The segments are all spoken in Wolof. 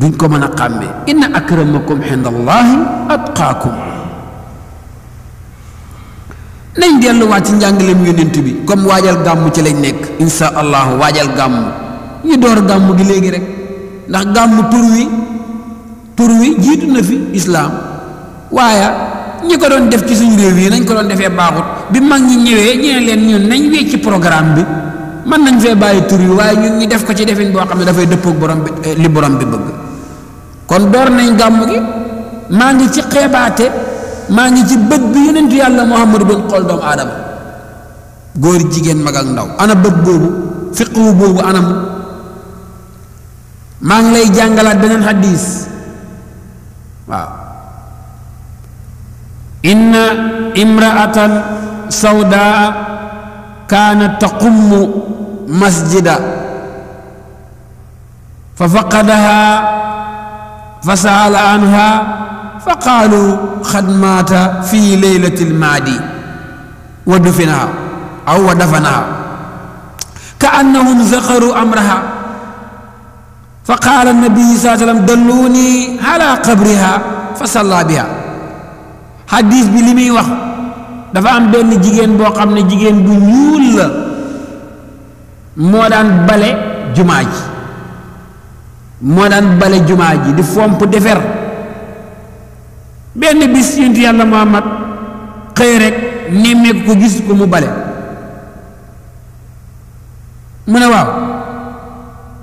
buñ ko mëna xamé inna akramakum indallahi atqakum nañ delluwaat ci njàngaleem yonent bi comme wajal gamu ci lañ nek insha allah wajal gàmm ñi door gàmm gi léegi rek ndax gàmm tur wi tur wi jiitu na fi islam waya ñi ko doon def ci suñu rew yi nañ ko doon defé baaxut bi mag ñi ñëwee ñu ne leen ñun nañ ci programme bi man nañ fee baye tur yi ñun ñi def ko ci defin boo xam ne dafay dëppoog borom bi eh, li borom bi bëgg kon door nañ gàmm gi maa ngi ci xeebaate maa ngi ci bët bi yonent yàlla muhammad bin xool doomu aadama góor jigéen mag ak ndaw ana bët boobu fiqwu boobu anam maa ngi lay jàngalaat beneen hadis waaw inna imra'atan sawdaa kaanat taqummu masjida fa faqadaha فسأل عنها فقالوا قد مات في ليلة المعدي ودفنها أو ودفنها كأنهم ذكروا أمرها فقال النبي صلى الله عليه وسلم دلوني على قبرها فصلى بها حديث بلمي وخ دفع أم بني جيجين بو خامني جيجين بنيول مولان مودان جماجي moo daan bale jumaa ji di fomp defer benn bis yunt yàlla Muhammad xëy rek nemmeeku ko gis ko mu bale mu ne waaw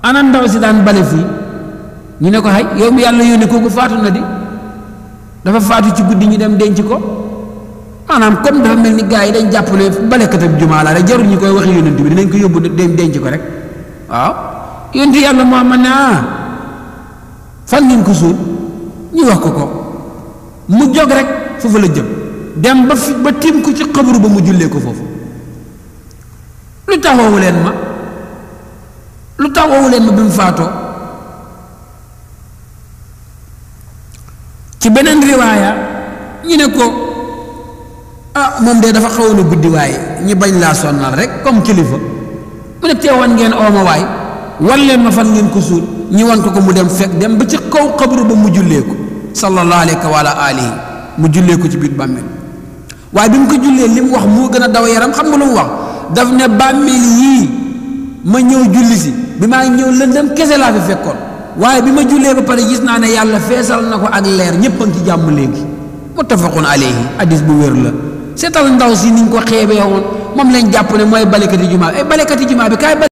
ana ndaw si daan bale fii ñu ne ko xay yow mi yàlla yónni kooku faatu na di dafa faatu ci guddi ñu dem denc ko maanaam comme dafa mel ni gars yi dañ jàpp ne balekatab jumaa la rek jarul ñu koy waxi yónent bi dinañ ko yóbbu dem denc ko rek waaw yónent yàlla moo man ne ah fan ngeen ko suul ñu wax ko ko mu jóg rek foofu la jëm dem ba fi ba tiim ko ci xabru ba mu jullee ko foofu lu tax leen ma lu tax leen ma bi mu faatoo ci beneen riwaaya ñu ne ko ah moom de dafa xawoon a guddi waaye ñu bañ laa sonnal rek comme kilifa mu ne teewoon ngeen ooma waay wan leen ma fan ngeen ko suul ñi wan ko ko mu dem fekk dem ba ci kaw xabru ba mu jullee ko sallallahu alayhi wa ala alihi mu jullee ko ci biir bàmmeel waaye bi mu ko jullee li mu wax moo gën a daw yaram xam nga lu mu wax daf ne bàmmeel yii ma ñëw julli si bi maa ñëw lëndëm kese laa fi fekkoon waaye bi ma jullee ba pare gis naa ne yàlla feesal na ko ak leer ñëpp a ci jàmm léegi muttafaqun alayhi hadis bu wér la seetal ndaw si niñ ko xeebee woon moom lañ jàpp ne mooy balekati jumaa bi ay balekati jumaa bi